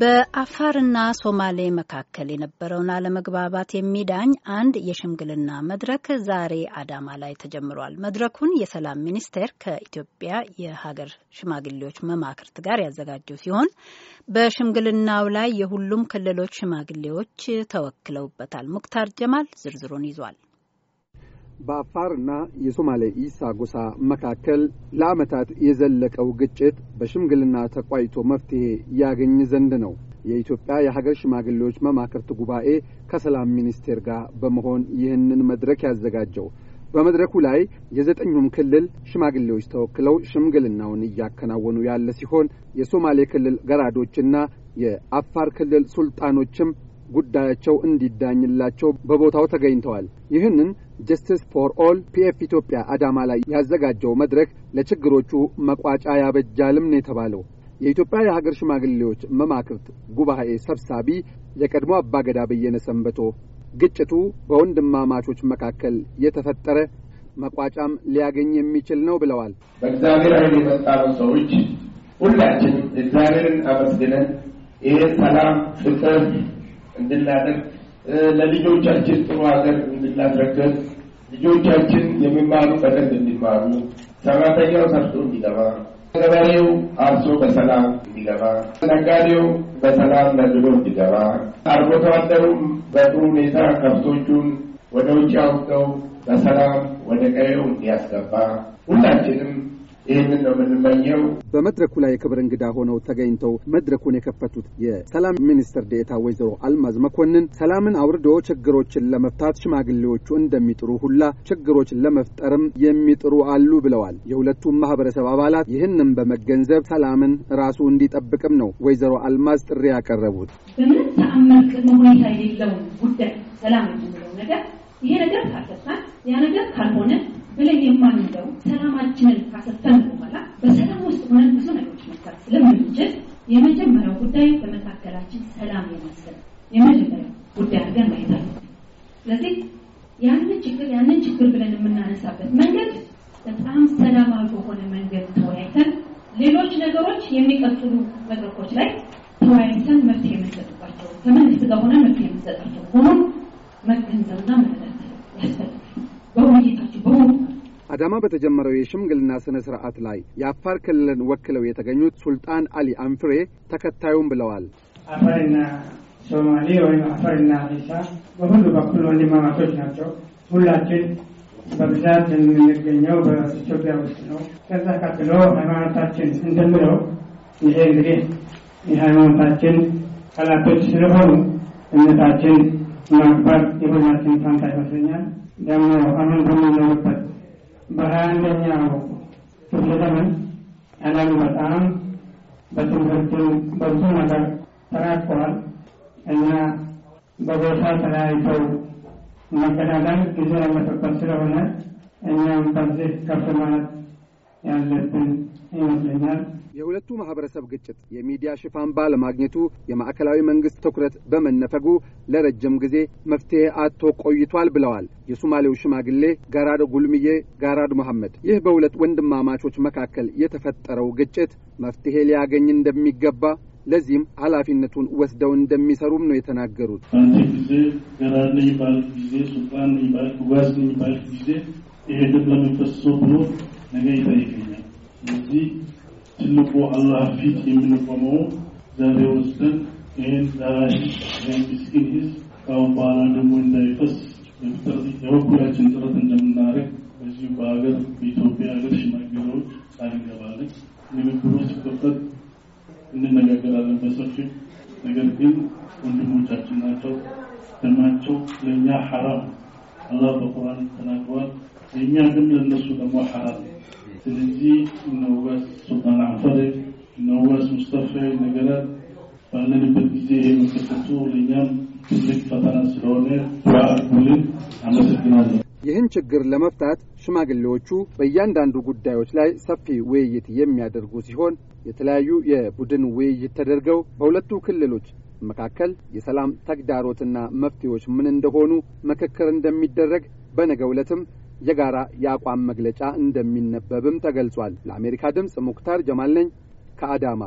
በአፋርና ሶማሌ መካከል የነበረውን አለመግባባት የሚዳኝ አንድ የሽምግልና መድረክ ዛሬ አዳማ ላይ ተጀምሯል። መድረኩን የሰላም ሚኒስቴር ከኢትዮጵያ የሀገር ሽማግሌዎች መማክርት ጋር ያዘጋጀው ሲሆን በሽምግልናው ላይ የሁሉም ክልሎች ሽማግሌዎች ተወክለውበታል። ሙክታር ጀማል ዝርዝሩን ይዟል። በአፋርና የሶማሌ ኢሳ ጎሳ መካከል ለዓመታት የዘለቀው ግጭት በሽምግልና ተቋይቶ መፍትሄ ያገኝ ዘንድ ነው የኢትዮጵያ የሀገር ሽማግሌዎች መማክርት ጉባኤ ከሰላም ሚኒስቴር ጋር በመሆን ይህንን መድረክ ያዘጋጀው። በመድረኩ ላይ የዘጠኙም ክልል ሽማግሌዎች ተወክለው ሽምግልናውን እያከናወኑ ያለ ሲሆን የሶማሌ ክልል ገራዶችና የአፋር ክልል ሱልጣኖችም ጉዳያቸው እንዲዳኝላቸው በቦታው ተገኝተዋል። ይህንን ጀስቲስ ፎር ኦል ፒኤፍ ኢትዮጵያ አዳማ ላይ ያዘጋጀው መድረክ ለችግሮቹ መቋጫ ያበጃልም ነው የተባለው። የኢትዮጵያ የሀገር ሽማግሌዎች መማክርት ጉባኤ ሰብሳቢ የቀድሞ አባገዳ በየነ ሰንበቶ ግጭቱ በወንድማማቾች መካከል የተፈጠረ መቋጫም ሊያገኝ የሚችል ነው ብለዋል። በእግዚአብሔር ኃይል የመጣሉ ሰዎች ሁላችን እግዚአብሔርን አመስግነን ይህ ሰላም፣ ፍቅር እንድናደርግ ለልጆቻችን ጥሩ ሀገር እንድናስረከብ ልጆቻችን የሚማሩ በደንብ እንዲማሩ፣ ሰራተኛው ሰርቶ እንዲገባ፣ ገበሬው አርሶ በሰላም እንዲገባ፣ ነጋዴው በሰላም ነግዶ እንዲገባ፣ አርብቶ አደሩም በጥሩ ሁኔታ ከብቶቹን ወደ ውጭ አውጥተው በሰላም ወደ ቀዬው እንዲያስገባ ሁላችንም ይህንን ነው የምንመኘው። በመድረኩ ላይ የክብር እንግዳ ሆነው ተገኝተው መድረኩን የከፈቱት የሰላም ሚኒስትር ዴኤታ ወይዘሮ አልማዝ መኮንን ሰላምን አውርዶ ችግሮችን ለመፍታት ሽማግሌዎቹ እንደሚጥሩ ሁላ ችግሮች ለመፍጠርም የሚጥሩ አሉ ብለዋል። የሁለቱም ማህበረሰብ አባላት ይህንም በመገንዘብ ሰላምን ራሱ እንዲጠብቅም ነው ወይዘሮ አልማዝ ጥሪ ያቀረቡት። በምንም ቅድመ ሁኔታ የሌለውን ጉዳይ ሰላም የምንለው ነገር ይሄ ነገር ካልተሳን ያ ነገር ካልሆነ ብለን የማንለው ሰላማችንን ካሰፈን በኋላ በሰላም ውስጥ ሆነን ብዙ ነገሮች መታት ስለምንችል የመጀመሪያው ጉዳይ በመካከላችን ሰላም የመስል የመጀመሪያው ጉዳይ አድርገን ማየት አለ። ስለዚህ ያንን ችግር ያንን ችግር ብለን የምናነሳበት መንገድ በጣም ሰላማዊ በሆነ መንገድ ተወያይተን ሌሎች ነገሮች የሚቀጥሉ መድረኮች ላይ ተወያይተን መፍትሄ የምንሰጥባቸው ከመንግስት ጋር ሆነ መፍትሄ የምንሰጣቸው ሆኖ መገንዘብና መረዳት ያስፈልጋል። አዳማ በተጀመረው የሽምግልና ስነ ስርዓት ላይ የአፋር ክልልን ወክለው የተገኙት ሱልጣን አሊ አንፍሬ ተከታዩም ብለዋል። አፋርና ሶማሌ ወይም አፋርና አዲሳ በሁሉ በኩል ወንድማማቶች ናቸው። ሁላችን በብዛት የምንገኘው በኢትዮጵያ ውስጥ ነው። ከዛ ቀጥሎ ሃይማኖታችን እንደምለው ይሄ እንግዲህ የሃይማኖታችን ጠላቶች ስለሆኑ እምነታችን ማክበር የሁላችን ፋንታ ይመስለኛል። ደግሞ አሁን በምንኖርበት በሀያ አንደኛው ክፍለ ዘመን ዓለም በጣም በትምህርት በብዙ ነገር ተራቀዋል እና በቦታ ተለያይተው መገዳደል ጊዜ ለመጠበቅ ስለሆነ እኛም በዚህ ከፍ ማለት ያለብን ይመስለኛል። የሁለቱ ማህበረሰብ ግጭት የሚዲያ ሽፋን ባለማግኘቱ የማዕከላዊ መንግስት ትኩረት በመነፈጉ ለረጅም ጊዜ መፍትሄ አጥቶ ቆይቷል ብለዋል የሱማሌው ሽማግሌ ጋራድ ጉልምዬ ጋራድ መሐመድ። ይህ በሁለት ወንድማማቾች መካከል የተፈጠረው ግጭት መፍትሄ ሊያገኝ እንደሚገባ ለዚህም ኃላፊነቱን ወስደው እንደሚሰሩም ነው የተናገሩት። ጊዜ ገራድ ጊዜ ሱልጣን ጊዜ ይሄ ደም ለሚፈሰው ብሎ ነገር ይጠይቀኛል። ስለዚህ ትልቁ አላህ ፊት የምንቆመው ዛሬ ወስደን ይህን ዳራሽ ይህን ምስኪን ህዝብ ካሁን በኋላ ደግሞ እንዳይፈስ የበኩላችን ጥረት እንደምናደርግ በዚሁ በሀገር በኢትዮጵያ ሀገር ሽማግሌዎች ሳንገባለን ንግግሩ ሲከፈት እንነጋገራለን በሰፊው። ነገር ግን ወንድሞቻችን ናቸው፣ ደማቸው ለእኛ ሐራም አላህ በቁርአን ተናግሯል። እኛ ግን ደግሞ ሐራም። ስለዚህ ሱልጣን ባለንበት ጊዜ ለእኛም ትልቅ ፈተና ስለሆነ አመሰግናለሁ። ይህን ችግር ለመፍታት ሽማግሌዎቹ በእያንዳንዱ ጉዳዮች ላይ ሰፊ ውይይት የሚያደርጉ ሲሆን የተለያዩ የቡድን ውይይት ተደርገው በሁለቱ ክልሎች መካከል የሰላም ተግዳሮትና መፍትሄዎች ምን እንደሆኑ ምክክር እንደሚደረግ በነገ ዕለትም የጋራ የአቋም መግለጫ እንደሚነበብም ተገልጿል። ለአሜሪካ ድምፅ ሙክታር ጀማል ነኝ ከአዳማ።